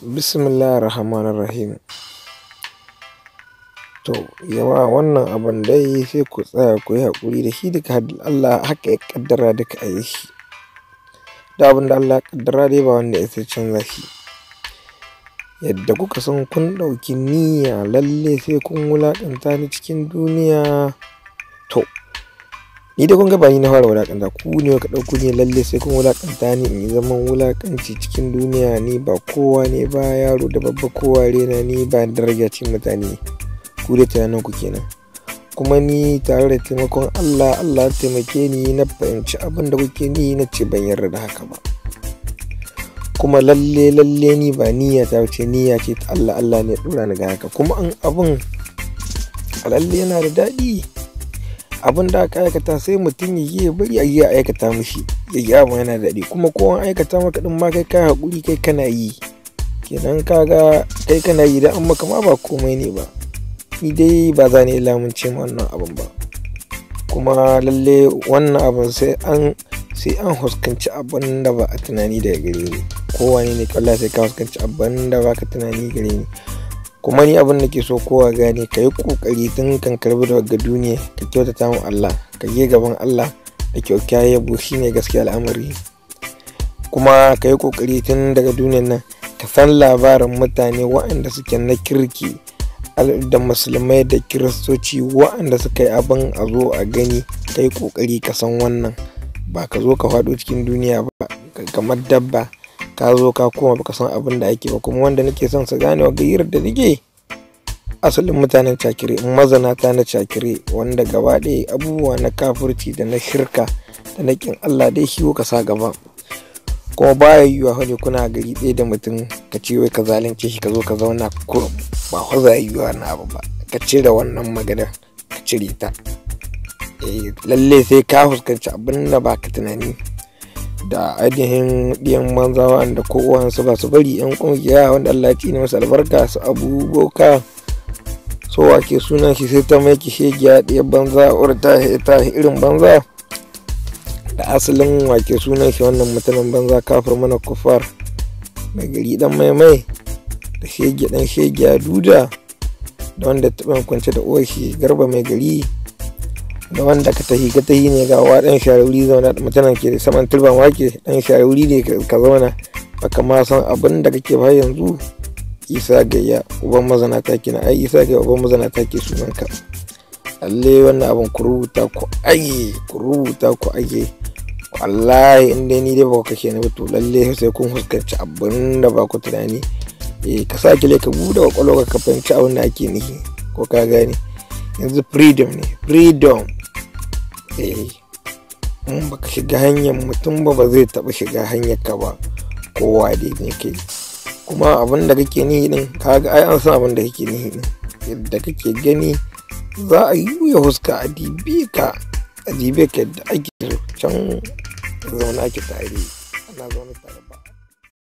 Bismillahir Rahmanir Rahim. To, yawa wannan abin dai sai ku tsaya ku yi haƙuri da shi duka Allah haka ya kaddara duka a yi shi. Da abin da Allah ya dai ba wanda ya sai canza shi. Yadda kuka san kun ɗauki niyya lalle sai kun wulaƙanta ni cikin duniya. ni da kun ga bani na fara wulakanta ku ne ka ɗauko ne lalle sai kun wulakanta ni in yi zaman wulakanci cikin duniya ni ba kowa ne ba yaro da babba kowa rena ni ba daraja cin mutane ku da tunanin ku kenan kuma ni tare da taimakon Allah Allah ya taimake ni na fahimci abin da kuke ni na ce ban yarda da haka ba kuma lalle lalle ni ba niyya ta wuce niyya ce ta Allah Allah ne dora ni ga haka kuma an abun lalle yana da daɗi abin da aka aikata sai mutum ya yi bari a yi aikata mishi ya yi abu yana daɗi kuma ko an aikata maka ɗin ma kai ka haƙuri kai kana yi kenan kaga kai kana yi da an maka ma ba komai ne ba ni dai ba za ni lamunce wannan abin ba kuma lalle wannan abin sai an sai an huskanci abin da ba a tunani daga gare ni kowane ne kalla sai ka huskanci abin da ba ka tunani gare ni kuma ni abin da ke so kowa gane ka yi ƙoƙari tun kan karbi daga duniya ka kyautata mu Allah ka je gaban Allah da ya yabo shi ne gaskiya al'amari kuma ka yi ƙoƙari tun daga duniyan nan ka san labarin mutane waɗanda suke na kirki da musulmai da kiristoci waɗanda suka yi abin a zo a gani ka yi ƙoƙari ka san wannan ba ka zo ka faɗo cikin duniya ba kamar dabba ka zo ka koma baka san abin da ake ba kuma wanda nake son su gane wa gayyar da nake asalin mutanen cakire mazanata na cakire wanda gaba ɗaya abubuwa na kafirci da na shirka da na kin Allah dai shi ka sa gaba kuma baya yiwuwa hali kuna gari ɗaya da mutum ka ce wai ka zalunce shi ka zo ka zauna kurum ba ku za yiwuwa na abu ba ka cire wannan maganar ka cire ta eh, lalle sai ka fuskanci abin da ba ka tunani da ainihin ɗiyan banza wanda ko uwansu ba su bari yan kungiya wanda Allah ya tsine masa albarka su abubuwa so wake sunan shi sai ta mai ki shegiya ɗaya banza or ta ta irin banza da asalin wake sunan shi wannan mutumin banza kafir mana kufar na gari dan maimai da shege dan shegiya duda da wanda taɓa kwance da uwar shi garba mai gari da wanda ka tahi ka tahi ne gawa dan shawarwuri zauna da mutanen ke saman turban wake dan shawarwuri ne ka zauna baka ma san abin da kake ba yanzu isa gayya uban mazana take na ai isa gayya uban mazana take sunanka lalle wannan abin ku rubuta ku age ku rubuta ku age wallahi in dai ni dai ba kashe ni ba to lalle sai kun fuskanci abin da ba ku tunani eh ka sa kile ka bude kwakwalwa ka fahimci abin da ake nihi ko ka gane yanzu freedom ne freedom eh in ka shiga hanyar mutum ba ba zai taɓa shiga hanyar ka ba kowa dai ne ke kuma abin da kake ni din kaga ai an san abin da kake ni din yadda kake gani za a yi ya huska a dibe ka a dibe ka yadda ake can zaune ake tare ana zaune tare ba